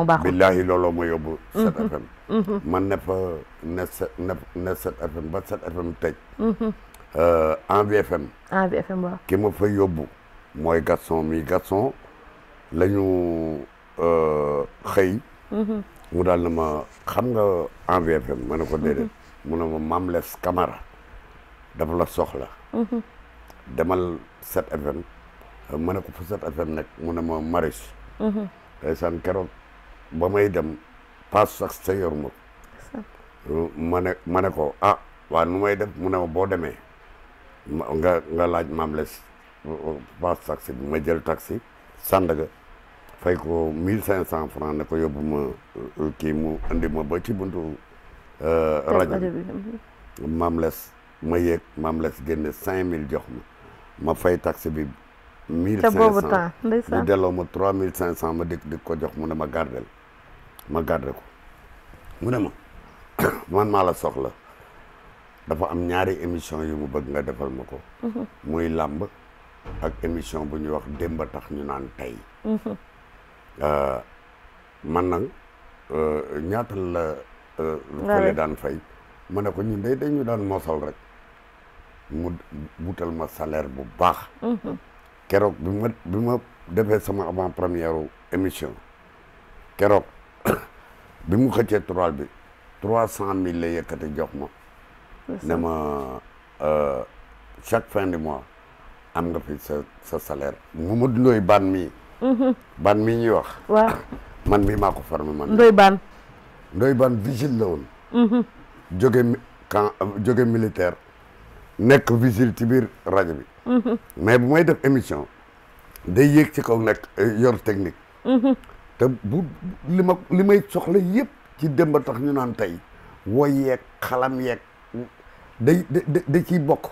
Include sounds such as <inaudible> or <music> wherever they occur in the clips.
moo baaxul billaahi looloo mooy yóbbu. 7 mm-hmm. FM. Mm-hmm. man ne fa ne ne FM ba 7 FM tëj. en VFM. en VFM waaw. ki ma fa yóbbu mooy Gaston mi Gaston la ñu euh, xëy. Mm-hmm. mu daal na ma xam nga en VFM ma ne ko déedéet. mu ne ma Mame Less Camara dafa la soxla. demal 7 FM ma ne ko fa 7 FM nekk mu ne ma Marius. ndeysaan keroog. ba may dem paas sax sa yor ma ma ne ma ne ko a ah, wa nu may def mu ne ma boo demee nga nga laaj maam les paas taxi bi ma jël taxi Sandaga fay ko mille cinq cent franc ne ko yóbbu ma euh, kii mu andi ma ba ci buntu euh, rajo mhm. maam les ma yéeg maam les génne cinq mille jox ma ma fay taxi bi mille cinq cent mu delloo ma trois mille cinq cent ma dikk dikk ko jox mu ne ma gardel ma garder ko mu ne ma <coughs> man maa la dafa am ñaari émission yu mu bëgg nga defal ma ko mhm. muy làmb ak émission bu ñuy wax démb tax ñu naan tey mhm. euh, man nag euh, ñaata la euh, ah fële daan fay ma ne ko ñun day dañu daan mosal rek mu wutal ma salaire bu baax mhm. keroog bi ma bi ma defee sama avant première émission keroog bi mu xëccee toral bi trois cent mille la yëkkati jox ma ne ma euh, chaque fin du mois am nga fi sa sa salaire mu ndoy ban mi mhm. ban mii ñuy wax mi <coughs> man mii maa ko man ndoy ban ndoy ban vigile la woon mhm. jóge militaire nekk vigile ci biir rajo bi mhm. mais bu may def émission day yéeg ci kaw nekk euh, yor technique te bu li ma li may soxla yëpp ci démb ñu naan tey woy yeeg xalam yeeg day da da ciy bokk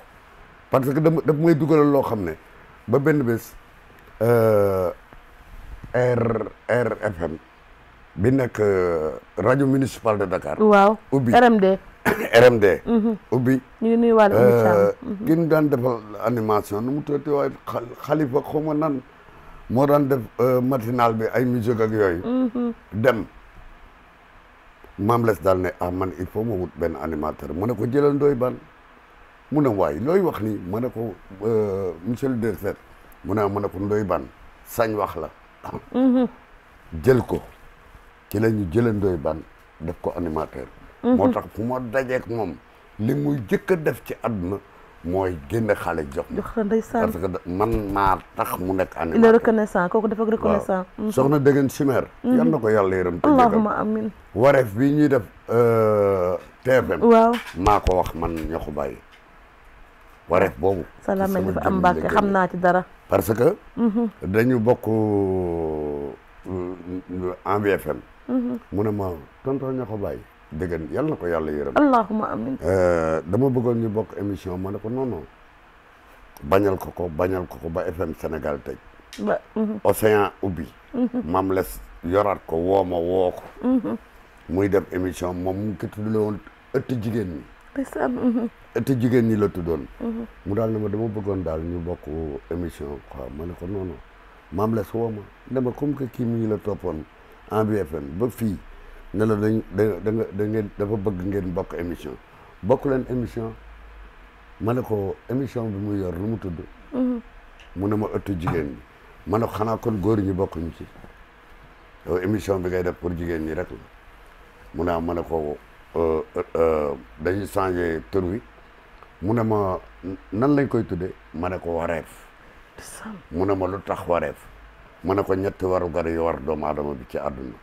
parce que dama may dugalal loo xam ne ba benn bés euh, RFM bi nekk euh, rajo municipal de Dakar. waaw ubbi RMD. <coughs> Mm-hmm. ubbi. ñu ngi nuyuwaale Oumy Thiam. Euh, ki ñu daan defal animation nu mu tuddati waaye xalifa xaw ma moo daan def euh, matinal bi ay musique ak yooyu mm-hmm. dem maam les daal ne ah man il faut ma wut benn animateur mu ne ko jëlal ndooy ban mu ne waay looy wax nii ma ne ko euh, monsieur le directeur mu ne ma ne ko ndoy ban sañ wax la mm-hmm. jël ko ci la ñu jëla ban def ko animateur mm-hmm. moo tax fu ma dajeek moom li muy jëkk a def ci àdduna mooy génne xale jox ma man maa tax mu nekk animateur il est reconnaissant kooku dafa reconnaissant soxna dëggan simer yal na ko yàlla yërëm te allahumma amin bi ñuy def TFM waaw maa ko wax man ñoxu bàyyi wareef boobu salaam mel dafa am naa ci dara parce que dañu bokk en mu ne ma tonton ñoxu bàyyi dëggan yàlla na ko yàlla yërëm allahumma amin euh, dama bëggoon ñu bokk émission ma ne ko non non bañal ko ko bañal ko ko ba FM Sénégal tëj ba mhm. Océan mhm. mam les yoraat ko woo ma mhm. muy def émission moom mu ngi ko tuddee woon ëtt jigéen jigéen ñi la tuddoon mu daal ne ma dama bëggoon daal ñu bokk émission quoi ma ne ko non non mam les woo dama comme que kii mi ñu la bi en ba fii ne la dañ da da ngeen dafa bëgg ngeen bokk émission bokk leen émission ma ne ko émission bi mu yor lu mu tudd. Mm-hmm. mu ne ma ëttu jigéen ñi ma ne ko xanaa kon góor ñi bokkuñ ci yow émission bi ngay def pour jigéen ñi rek la mu ne ah, ma ne ko euh, euh, euh, dañuy changé tur wi mu ne ma nan lañ koy tuddee ma ne ko wareef. mu ne ma lu tax wareef. ma ne ko ñetti warugar yu war doomu aadama bi ci àdduna.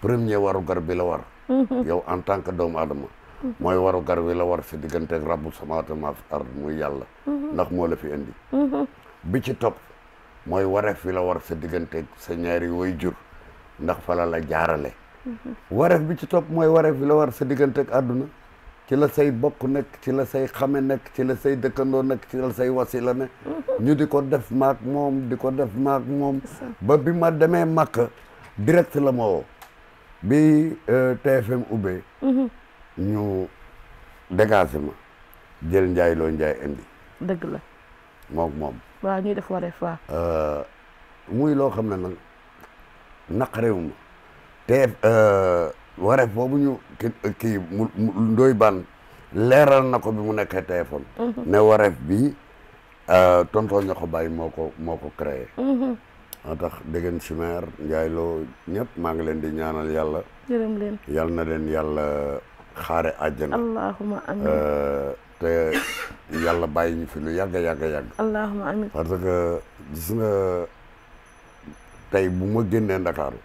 premier warugar bi la war mhm. yow en tant que doomu aadama mhm. mooy warugar bi la war sa diggante ak rabbu samawaati maa fi ard muy yàlla mhm. ndax moo fi indi bi ci topp mooy wareef bi la war sa diggante sa ñaari woy jur ndax fala la jaarale wareef bi ci topp mooy wareef bi la war sa diggante ak àdduna ci la say bokk nekk ci la say xame nekk ci la say dëkkandoo nekk ci la say wasila ne ñu di ko def maak moom di ko def maak moom ba bi ma demee màkk direct la ma bi euh, TFM ubbee. Mhm. ñu dégagé ma jël Ndiaye loo Ndiaye indi. dëgg moom moom. waaw def wareef euh, waaw. muy loo xam ne nag naqarewu ma. TF euh, wareef boobu ñu kii kii mu Ndoye Bane leeral na ko bi mu nekkee téléphone. Mhm. ne wareef bi tonton Niakhobaye moo ko moo ko a tax déggan ci maire Ndiaye Lo ñëpp maa ngi leen di ñaanal yàlla yërëm na leen yàlla xaare àjjana allahuma amiin euh, te yàlla bàyyi ñu fi lu yàgg yàgg yàgg allahuma amiin parce que gis tey bu ma génnee Ndakaaru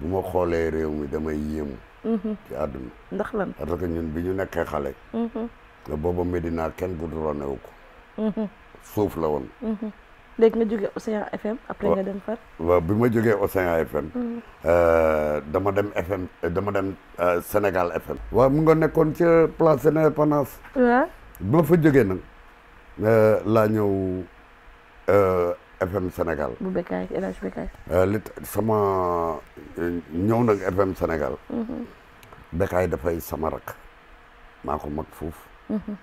bu ma xoolee réew mi damay yéemu mhm. ci àdduna ndax lan parce que ñun bi ñu nekkee xale nga mhm. booba Medina kenn goudronné wu ko mhm. suuf la woon léegi nga jógee Océan FM. après nga dem far waaw bi ma jógee Océan FM. Mm. Euh, dama dem FM dama dem euh, Sénégal FM. waaw mu nga nekkoon ci place de l'Indépendance. waaw ba fa jógee nag euh, laa ñëw FM Sénégal. bu Bekkaay ñëw nag FM Sénégal. Mm-hmm. Bekkaay dafay sama rak maa ko mag fuuf. Mm-hmm.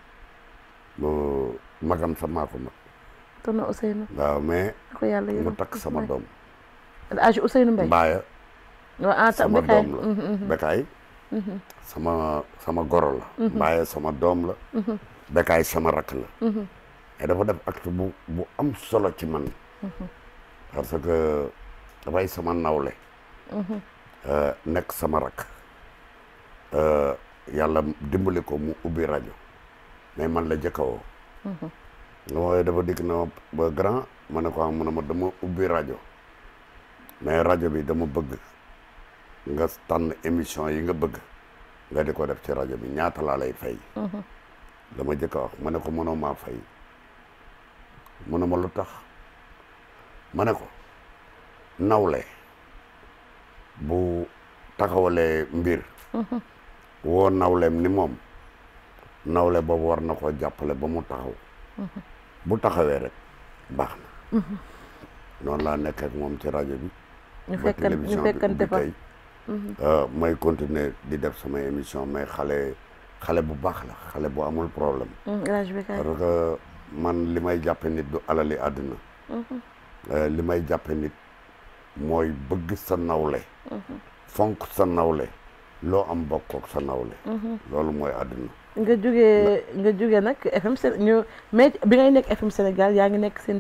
magam sa maa ko mag. tonton Ousseynou. waaw yàlla takk sama doom. Ah, sama la. Mhm, mhm. Bekaay. Mhm. sama sama goro la. Mbaye sama doom la. Bekaay sama rakk la. mais dafa def acte bu bu am solo ci man. parce que dafay sama nawle. Euh, nekk sama rakk. Euh, yàlla dimbali ko mu ubbi rajo mais man la jëkkawoo. waaye dafa dikk na ba grand ma ne ko am ah, mu ne ma dama ubbi rajo mais rajo bi dama bëgg nga tànn émission yi nga bëgg nga di ko def ci rajo bi ñaata laa lay fay. dama mhm. jëkk a wax ma ne ko mënoo maa fay mu ne ma lu tax ma ne ko nawle bu taxawalee mbir. Mhm. woo nawleem ni moom nawle boobu war na koo jàppale ba mu taxaw. Mhm. bu taxawee rek baax na. Mhm. noonu laa nekk moom ci rajo bi. ñu fekkan ñu fekkante fa mooy mhm. euh, continuer di def samay émission mais xale xale bu baax la xale bu amul problème. rajo mhm, bi parce man li may jàppe nit du alali addina euh, li may jàppe nit mooy bëgg sa nawle. fonk sa nawle loo am bokkook sa nawle. loolu mooy àdduna. nga jógee nga jógee nag FM Sénégal ñu mais bi ngay nekk FM Sénégal yaa ngi nekk seen